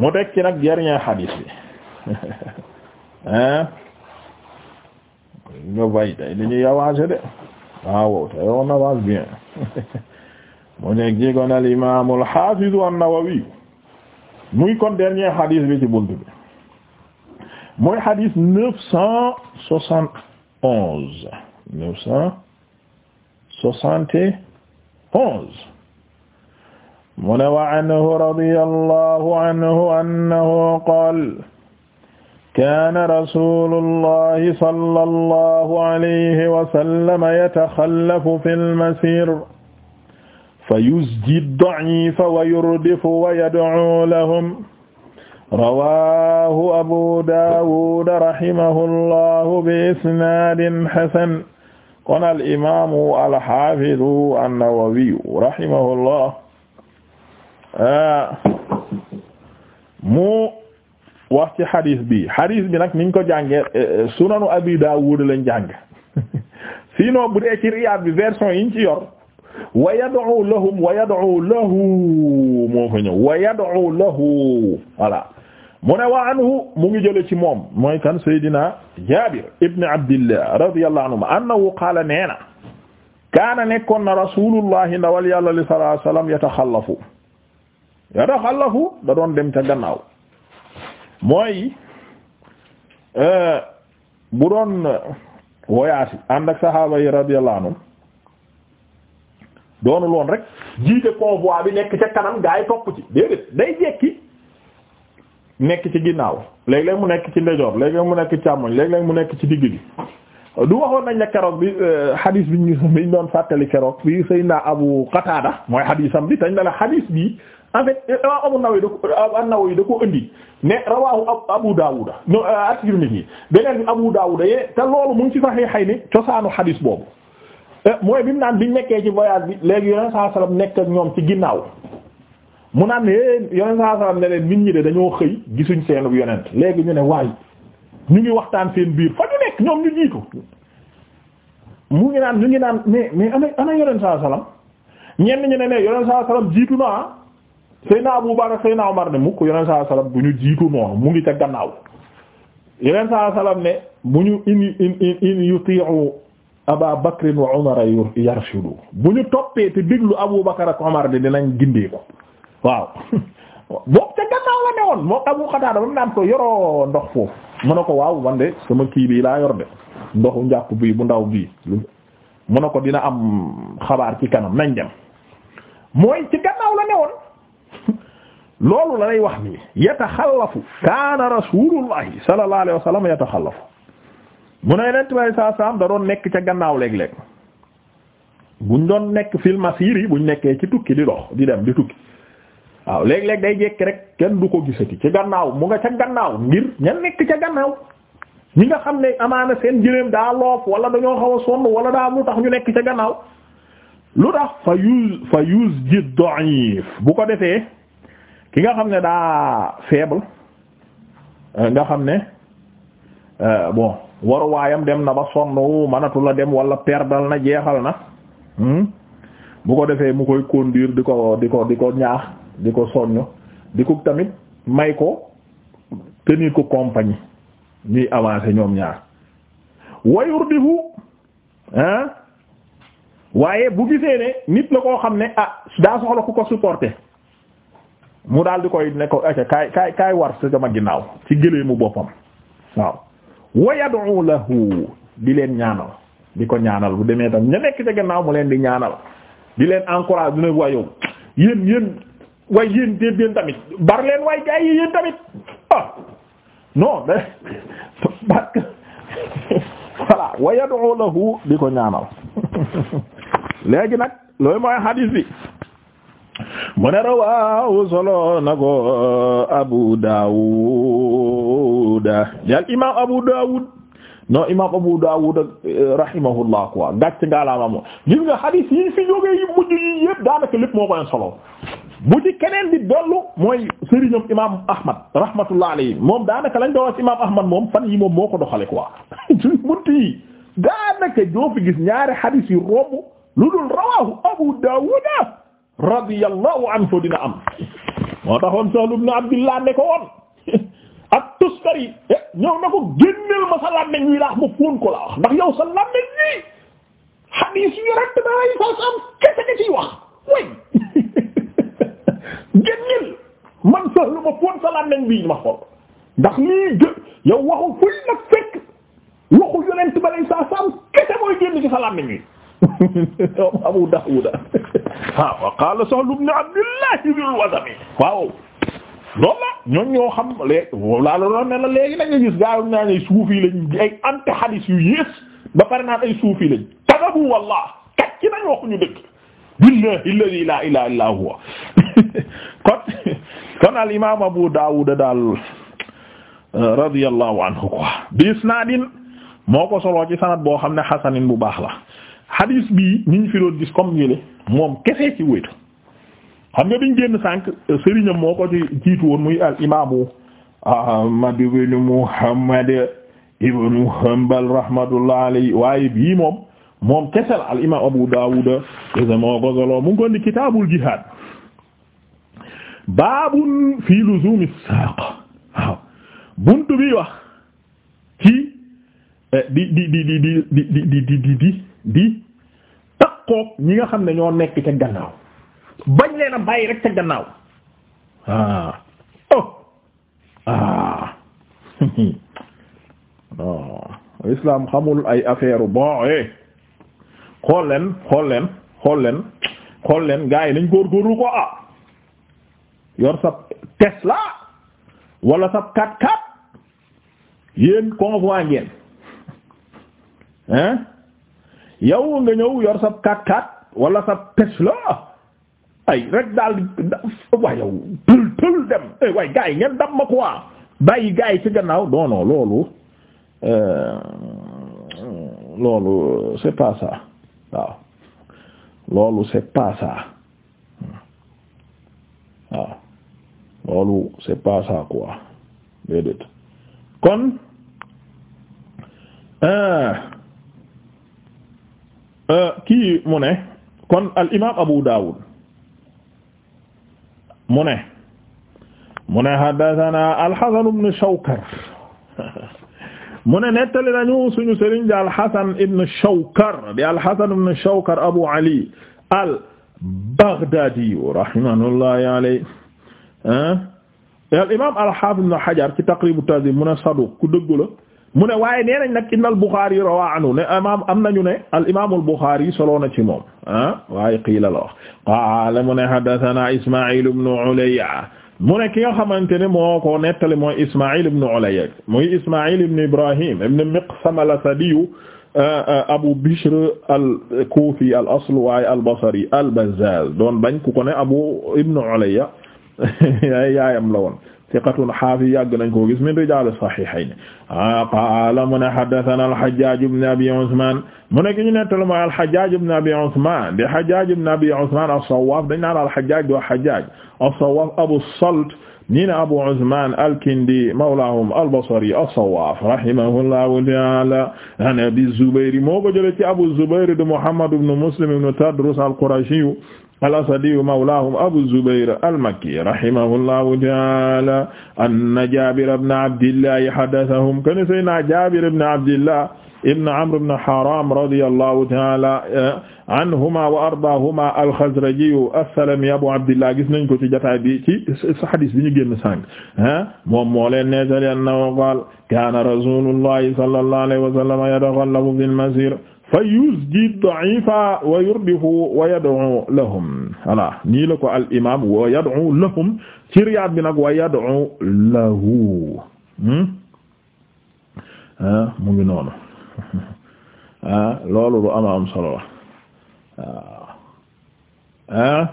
mu teg ci nag dernier xadiis bi hein nga bay tay dañuy avancer de waaw tay on avance bien mu nekk ci kon al imaam al xaafiz an-Nawawi muy kon dernier xadiis bi ci buntu bi mooy xadiis neuf cent soixante onze neuf cent soixante onze mu ne wa anhu radiyallahu anhu annahu qaala kaana rasuulullahi sallallahu alayhi wa sallam yataxallafu fil masiir fayuzji ad-da'iifa wa yurdifu wa yad'uu lahum rawaahu abu daawuud rahimahullahu bi isnaadin hasan kon al imaamu al haafidu an-nawawiyu rahimahullah mu wax ci xadis bi xadis bi nag niñ ko jànge sunanu abi daawud lañ jàng sinon bu dee ci riyaad bi version yiñ ci yor wa yad'u lahum wa yad'u lahu moo fa ñëw wa yad'u lahu voilà mu ne wa anhu mu ngi jële ci moom mooy kan saydina jabir ibn abdillah radiyallahu anhuma annahu qaala neena kaana nekkoon na rasulullahi ndawal yàlla li sallallahu alayhi wasallam yataxallafu yataxallafu da doon dem ca gannaaw mooy euh, bu doon euh, voyage ànd ak saxaaba yi radiyallahu anhum doonul woon rek jiite convoi bi nekk ca kanam gaa yi topp ci déedéet day jekki nekk ci ginnaaw léeg-léeg mu nekk ci ndejoor léeg-léeg mu nekk ci càmmoñ léeg-léeg mu nekk ci digg bi du waxoon nañ ne keroog bi euh, xadiis bi ñu doon sàttali keroog bi naa Abu Qatada mooy xadiisam bi dañ ne la xadiis bi en fait yi euh, da ko euh, an-Nawawi da ko indi ne rawahu Abu Dawuda no euh, at-Tirmidhi beneen bi Abu Dawuda yee te loolu mu ngi ci Sahihayni cosaanu hadis boobu mooy bi mu naan biñ nekkee ci voyage bi léegi yoneen saa sallam nekk ak ñoom ci ginnaaw mu naan ne eh, yoneen saa sallam ne nit ñi de dañoo xëy gisuñ seenub yonent léegi ñu ne waaye ñu ngi waxtaan seen biir fa ñu nekk ñoom ñu jiitu mu ngi naan ñu ngi naan mais mais ana ana yoneen saa sallam ñenn ñu ne ne yoneen saa sallam jiitu na ah. Seyna Abu Bakar Seyna Omar ne mukk yeneen saa salaam bu ñu jiitu noonu mu ngi ca gannaaw yeneen saa salaam ne bu ñu in in in yuti'u Aba Bakr wa Umar yarshudu bu ñu toppee te déglu Abu Bakar ak Omar de dinañ gindee ko waaw boobu ca gannaaw la ne woon moo Abu Qatada ba mu naan ko yoroo ndox foofu mu ne ko waaw man sama kii bii laa yor de ndoxu njàpp bii bu ndaw bii mu ne ko dina am xabaar ci kanam nañ dem mooy ci gannaaw la ne woon loolu la lay wax nii yataxallafu kaana rasulullahi sallallahu alayhi wa sallam yataxallafu mu ne yonent bi saa saam da doon nekk ca gannaaw léeg-léeg buñ doon nekk fil masir yi ñu nekkee ci tukki di dox di dem di tukki waaw léeg-léeg day jekki rek kenn du ko gisati ci gannaaw mu nga ca gannaaw ngir ña nekk ca gannaaw ñi nga xam ne amaana seen jëréem daa loof wala dañoo xaw a sonn wala daa lu tax ñu nekk ca gannaaw lu tax fa yuz fa yuz ji da'if bu ko defee ki nga xam ne daa faible euh, nga xam ne euh, bon waruwaayam dem na ba sonn mënatu dem wala perdal na jeexal na hmm? bu ko defee mu koy conduire di ko di ko di ko ñaax di ko soññ di ko tamit may ko tenir ko compagnie ñuy avancé ñoom ñaar wayur di waaye bu gisee ne nit la koo xam ne ah daa soxla ku ko supporter mu daal di koy ne kay aca kaay kaay kaay war ginnaaw ci gëleemu boppam waaw wa yad'u lahu di leen ñaanal di ko ñaanal bu demee tam ña nekk ca ginnaaw mu leen di ñaanal di leen encourage dina wayow yéen yéen way yéen yéen yéen tamit bar leen waay gaa ah di ko ñaanal léegi nag loolu mooy hadith bi mu ne rawaahu solo na ko Abu Dawud yal imaam Abu Dawud non imaam Abu Dawud rahimahullah quoi gàcce ngalaama moom gis nga hadith yi fi jógee yi mujj yi yëpp daanaka lépp moo koy solo bu keneen di dollu mooy sëriñam imaam Ahmad rahmatullah alayhi moom daanaka lañ doon imaam Ahmad moom fan yi moom moo ko doxale quoi suñ bunt gis ñaari hadith yi romb lu dul rawaahu Abu Dawud. radiyallahu anhu dina am moo taxoon Sahl ibn Abdillah ne ko woon ak Tustari eh, ñëw na ko génneel ma sa làmmiñ wi laax ma fóon ko laa ndax yow sa làmmiñ wi xadiis yu rekk dalay sa sa am kese nga ciy wax way génneel man Sahl ma fóon sa làmmiñ bii ma xool ndax lii gë yow waxu fuy nag fekk waxu yonent ba lay sa sa kese mooy génn ci sa làmmiñ wi Abu Daawuda waaw wa qaala Sahl ibn Abdullah xam léegi laalo loon ne la léegi la nga gis gaarum suufi lañ ay anti yu yées ba pare naan ay suufi lañ kadabu wallah kacc nañ waxuñu dëgg billahi alladhi la ilaha huwa kon al imam Abu Dawud daal euh, radiyallahu bi isnaadin moo ko soloo ci boo xam ne xasanin bu baax la hadis bi niñ fi doon gis comme yële moom kese ci wéetu xam nga biñ génn sànq sëriñam moo ko ci jiitu woon muy al imaamu Ahmad ibn Muhammad ibn Hanbal rahmatullah alayhi waaye bii moom moom kese la al imaam Abu Dawud kese ko solo mu ngi jihaad baabun fi luzum as buntu bi wax ci di di di di di tàqoog ñi nga xam ne ñoo nekk ca gannaaw bañ leen a bàyyi rek ca gannaaw ah oh ah oh. xamul ay affaire bon eh xool leen xool leen xool leen xool leen gars yi nañ góorgóorlu ko ah yor sa Tesla wala sa 4x4 yéen convoi ngeen hein yow nga ñëw yor sa kat kat wala sa Tesla ay rek daal waa yow tël dem eh waaye gars yi ngeen dam ma quoi bàyyi gars ci gannaaw non non loolu euh, loolu c'est pas loolu c'est pas loolu c'est pas ça quoi déedéet kon. Euh, Euh, kii mu ne kon al Abu Dawud mu ne mu ne haddathana al-Hasan ibn Shawkar mu ne nettali nañu suñu sëriñ di al-Hasan ibn Shawkar di al-Hasan ibn Shawkar Abu Ali al-Baghdadi rahimahullah alayhi ah, al-imaam al-Hafiz ibn Hajar ci Taqrib at-Tahdhib mu ne saduq ku dëggu la mu ne waaye nee nañ nag innal Bukhari rawaa anhu ne imaam am nañu ne al imaamul Bukhari solo na ci moom ah waaye qiila la wax qaala mu ne haddathana Isma'il ibn Ulayya mu ne ki nga xamante ne moo ko nettali mooy Isma'il ibn Ulayya muy Isma'il ibn Ibrahim ibn Miqsam al-Asadi ah, Abu Bishr al-Kufi al-asl waaye al-Basri al-Bazzaz doon bañ ku ko ne Abu ibn Ulayya yaayam la woon siqatun xaafi yàgg nañ koo gis min rijaal saxiixayni ah, qaala mu ne haddasanaa al-Hajjaaj ibn Abi Usmaan mu ne ki ñu nettali mooy al-Hajjaaj ibn Abi Usmaan di Hajjaaj ibn Abi Usmaan as-Sawwaaf dañ naan al-Hajjaaj di Hajjaaj as-Sawwaaf Abu Salt ñii ne Abu Usmaan al-Kindi mawlaahum al-Basri as-Sawwaaf rahimahullahu ta'aala an Abi Zubayr moo ko jëlee ci Abu Zubayr di Muhammad ibn Muslim ibn Tadrus al-Qurashi al-Asadiyu mawlaahum Abu Zubayr al-Makki rahimahullahu ta'aala anna Jaabir ibn Abdillahi haddathahum kaana sayyidunaa Jaabir ibn Abdillah ibn Amr ibn Haraam radiyallahu ta'aala eh, anhumaa wa ardaahumaa al-Khazrajiyu as-Salami Abu Abdillah gis nañ ko ci jotaay bi ci hadiis bi ñu génn sànq ah moom moo leen nettali annahu qaala kaana rasuulullahi sallallahu alayhi wa sallam yataghallabu fil masiir fa yusji da'ifa wa yurdifu wa yad'u lahum voilà la ko al imam wa yad'u lahum ci riyaad bi nag wa yad'u lahu hmm? ah mu ngi noonu ah loolu lu ama am solo la ah. Ah.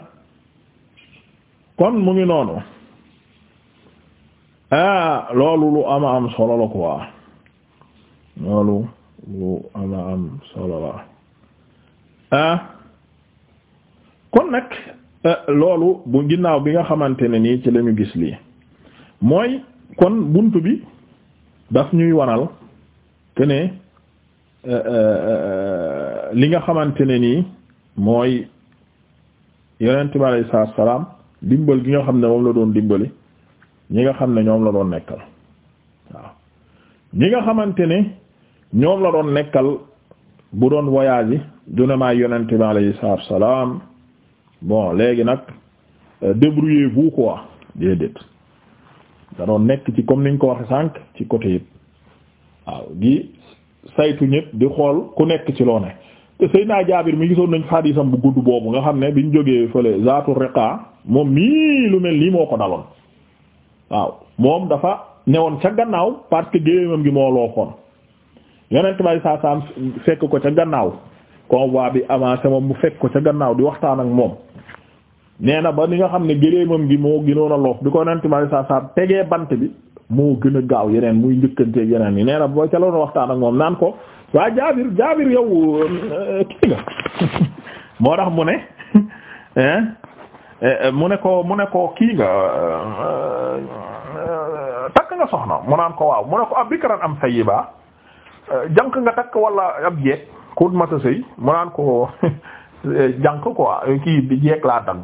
kon mu ngi noonu ah loolu lu ama am solo la quoi lu ama am solo ah, kon nag eh, loolu bu ginnaaw bi nga xamante ne nii ci lañu gis lii mooy kon bunt bi daf ñuy wanal que ne eh, eh, li nga xamante ne nii mooy yonent bi alayhi salaam dimbal gi nga xam ne moom la doon dimbali ñi nga xam ne ñoom la doon nekkal waaw ñi nga xamante ne ñoom la doon nekkal bu doon voyage yi dunamaay yonente bi alayhi salaatu wa salaam bon léegi nag euh, débrouillez-vous quoi déedéet da doon nekk ci comme niñ ko waxe sànq ci côté yëpp waaw di saytu ñëpp di xool ku nekk ci loo ne te Seydina Jaabir mi gisoon nañ xadiisam bu gudd boobu nga xam ne biñ jógee fële zaatu riqa moom mii lu mel nii moo ko daloon waaw moom dafa newoon ca gannaaw parce que gémmam gi moo loo xoon yonent bay saa saam fekk ko ca gannaaw waa bi avancé moom mu fekk ko ca gannaaw di waxtaan ak moom nee na ba ni nga xam ne gëléemam gi moo gënoon a loof bi ko yonent bay saa saam tegee bant bi moo gën a gaaw yeneen muy njëkkanteeg yeneen yi nee na boo ca loon waxtaan ak moom naan ko waa jaabir jaabir yow kii nga moo tax mu ne eh, mu ne ko mu ne ko kii nga takk nga soxna mu naan ko waaw mu ne ko ab bikran am sayyiba jànq nga takk wala ab jeeg xut mata sëy mu naan ko jànq quoi kii bi jeeg laa tànn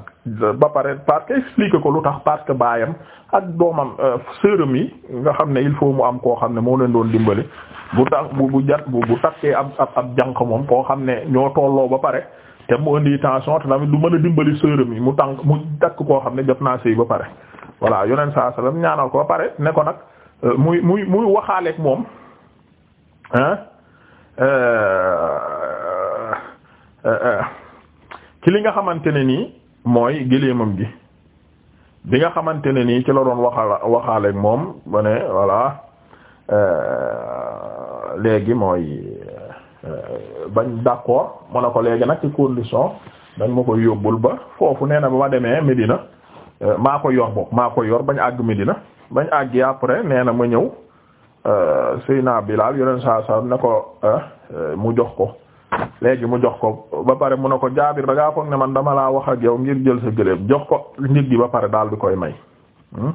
ba pare parce que ko lu tax parce que baayam ak doomam euh, sërëm yi nga xam ne il faut mu am koo xam ne moo leen doon dimbali bu tax bu bu jat bu bu takkee ab ab jànq moom koo xam ne ñoo tolloo ba pare te mu indi tension te tamit du mën a dimbali sërëm yi mu tànk mu takk koo xam ne jot naa sëy ba pare voilà yoneen saa sallam ñaanal ko ba pare ne ko nag euh, muy muy muy waxaaleek moom Euh, euh, euh, ci li nga xamante ne nii mooy géléemam gi bi nga xamante ne nii ci la doon waxala waxaaleeg moom ba ne voilà léegi mooy bañ d'accord moo ne ko léegi nag ci condition dañ ma koy yóbbul ba foofu nee na ba ma demee Medina maa ko yor boog maa ko yor bañ àgg Medina bañ àgg après nee na ma ñëw Seyna Bilal yeneen saa saa ne ko ah, mu jox ko léegi mu jox ko ba pare mu ne ko Jaabir da ngaa foog ne man dama laa wax ak yow ngir jël sa gëléem jox ko njëg gi ba pare daal di koy may hmm?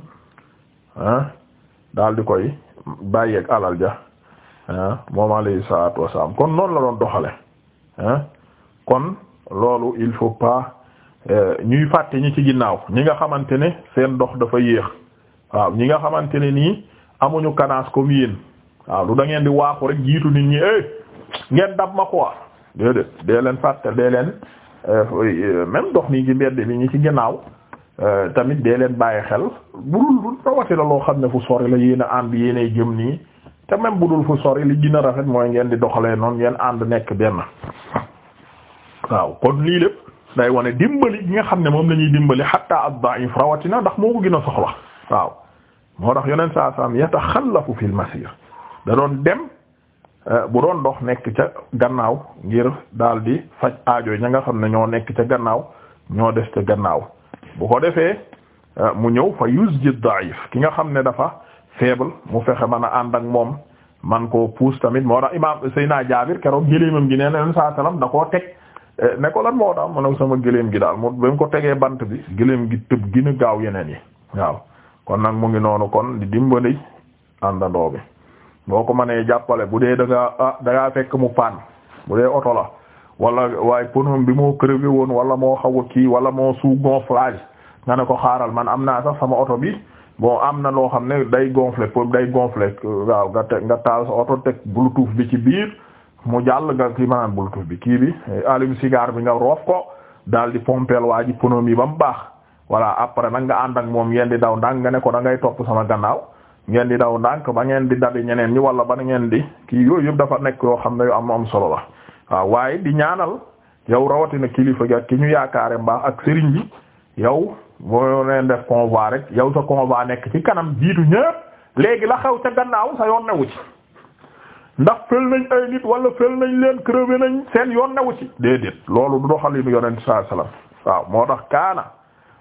ah daal di koy bàyyeek alal ja ah moom alayhi salaatu wasalaam kon noonu la doon doxale ah, kon loolu il faut pas eh, ñuy fàtte ñi ci ginnaaw ñi nga xamante ne seen dox dafa yéex waaw ñi nga xamante ne nii. amuñu kanaas comme yéen waaw du da ngeen di waaxu rek jiitu nit ñi eh, ngeen dab ma quoi déedéet dee leen fàtte dee leen euh, même dox nii ci mbedd bi ñu ci ginnaaw euh, tamit dee leen bàyyi xel bu dul du rawati la loo xam ne fu sori la yéen a ànd yéen ay jëm nii te même bu dul fu sori li gën a rafet mooy ngeen di doxalee noonu ngeen ànd nekk benn waaw kon lii lépp day wane dimbali gi nga xam ne moom la ñuy dimbali hatta ad-da'if rawatina ndax moo ko gën a soxla waaw moo tax yonent saa saam yataxallafu fil masir da doon dem eh, bu doon dox nekk ca gannaaw ngir daal di faj aajo ña nga xam ne ñoo nekk ca gannaaw ñoo def ca gannaaw bu ko defee eh, mu ñëw fa yusji daif ki nga xam ne dafa faible mu fexe mën a ànd ak moom man koo puus tamit moo tax imaam Seydina Jaabir keroog gëléemam gi nee na yonent saa salaam da koo teg eh, ne lan moo tax mu ne sama gëléem gi daal mu ba mu ko tegee bant bi gëléem gi tëb gën a gaaw yeneen yi waaw. kon nag mu ngi noonu kon di dimbali àndandoo boo ko mënee jàppale bu dee da ngaa ah da ngaa fekk mu paan bu dee oto la walla waaye ponom bi moo crevé woon wala moo xaw a kii wala moo sous gonflage nga ne ko xaaral man am naa sax sama oto bi boo am na loo xam ne day gonflé pour day gonflé waaw nga teg nga taal sa oto teg bluetooth bi ci biir mu jàll nga kii maanaam bluetooth bi kii bi eh, allume cigare bi nga roof ko daal di pompeel waa ji ponom yi ba mu baax. voilà après nag nga ànd ak moom ngeen di daw ndànk nga ne ko da ngay topp sama gannaaw ngeen di daw ndànk ba ngeen di dabi ñeneen ñi wala ba ngeen di ki yooyu yëpp dafa nekk yoo xam ne yu am am solo waaw waaye di ñaanal yow rawatina kilifa gi ki ñu yaakaare mbaax ak sëriñ yow moo def convoi rek yow sa convoi nekk ci kanam jiitu ñëpp léegi la xew ca gannaaw sa yoon newu ci ndax fël nañ leen crevé nañ seen yoon newu ci déedéet loolu du doxalinu yonent sallallahu alayhi waaw moo tax kaana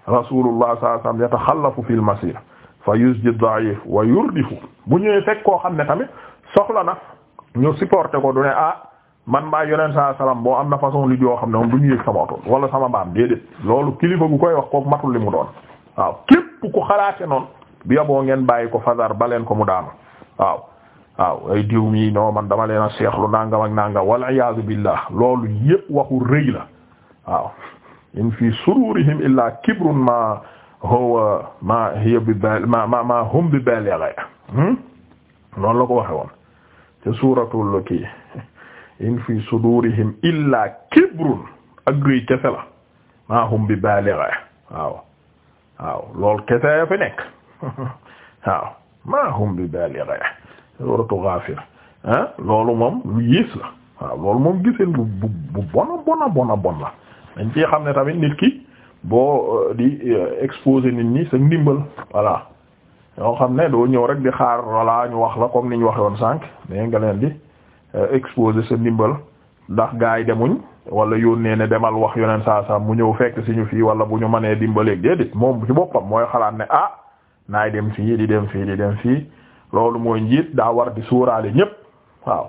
rasulullah sallallahu alayhi wasallam yataxallafu fil masir fa yusji da'if wa yurdifu bu ñëwee fekk koo xam ne tamit soxla na ñu supporté ko du ne ah man maa yoneen saa salaam boo am na façon li joo xam ne moom du ñu yëg sama oto wala sama mbaam déedéet loolu kilifa gu koy wax kooku matul li mu doon waaw képp ku xalaate noonu bi yaboo ngeen bàyyi ko fadar ba leen ko mu daanu waaw waaw ay diw mi non man dama leen a seexlu nangam ak nangam wal iyaazu billah loolu yépp waxu rëy la waaw in fi sururihim illa kibrun ma huwa ma hiya bi ma ma ma hum bi baligha hmm? noonu la ko waxe woon ca suuratul kii in fi sudurihim illa kibrun ak rëy kese la ma hum bi baligha waaw waaw lool kese ya fi nekk waaw ma hum bi baligha suuratu Gaafir ah, loolu moom lu yées la waaw loolu moom giseen bu bu bona bona bona bon la dañ ci xam ne tamit nit ki boo euh, di euh, exposer nit ñi sa ndimbal voilà ñoo xam ne doo ñëw rek di xaar voilà ñu wax la comme ni ñu waxee woon sànq mais nga leen di euh, exposer sa ndimbal ndax gaay demuñ wala yónnee ne demal wax yoneen saa saa mu ñëw fekk si ñu fii wala bu ñu mënee dimbaleeg déedéet moom ci boppam mooy xalaat ne ah naay dem fii di dem fii di dem fii loolu mooy njiit daa war di suuraale ñépp waaw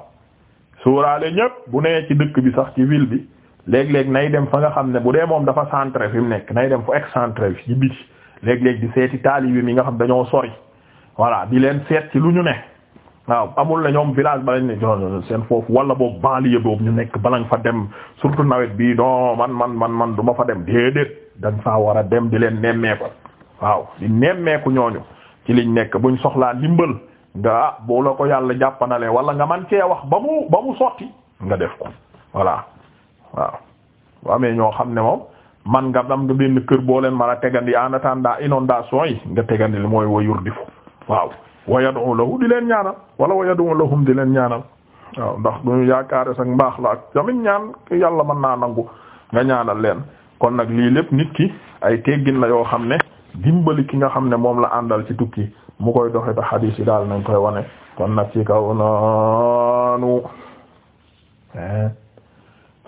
suuraale ñépp bu nee ci dëkk bi sax ci wil bi. léeg-léeg nay dem fa nga xam ne bu dee moom dafa centré fi mu nekk nay dem fu excentré fi ci biti léeg-léeg di seeti taalibe mi nga xam dañoo sori voilà di leen seet ci lu ñu ne waaw amul la ñoom village ba lañ ne non seen foofu wala boobu banlieue boobu ñu nekk bala fa dem surtout nawet bi non man man man man du ma dem déedéet da nga faa dem di leen nemmeeku waaw di nemmeeku ñooñu ci liñ nekk buñ soxlaa ndimbal nga ah la ko yàlla jàppanalee wala nga man cee wax ba mu ba mu sotti nga def ko voilà. waaw bu amee ñoo xam ne moom man nga dam nga benn kër boo leen mën a tegandi en attendant inondation yi nga tegandi li mooy wayur difu waaw wayadu lahu di leen ñaanal wala wayadu lahum di leen ñaanal waaw ndax duñu yaakaare sax mbaax la ak tamit ñaan yàlla mën naa nangu nga ñaanal leen kon nag lii lépp nit ki ay teggin la yoo xam ne dimbali ki nga xam ne moom la àndal ci tukki mu koy doxe te xadiis yi daal nañ koy wane kon nag ci kaw noonu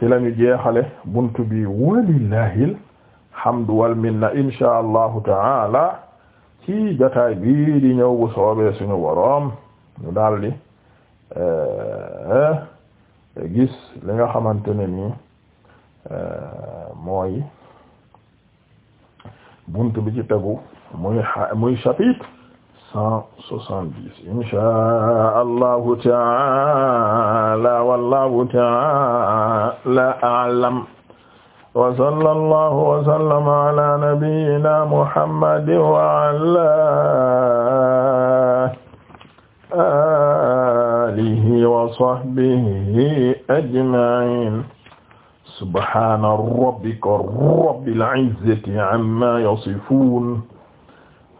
ci lañu jeexale bunt bi walillahil hamdu wal minna insha allahu taala ci jotaay bii di ñëw bu soobee suñu boroom ñu daldi eh, gis li nga xamante ne nii eh, mooy bunt bi ci tegu muy muy chapitre cent soixante-dix inshaa allahu taala wallahu taala a'lam wa sallallahu wa sallama ala nabiyyina muhammadin wa ala alihi wa sahbihi ajma'in subhana rabbika rabbil izzati amma yasifun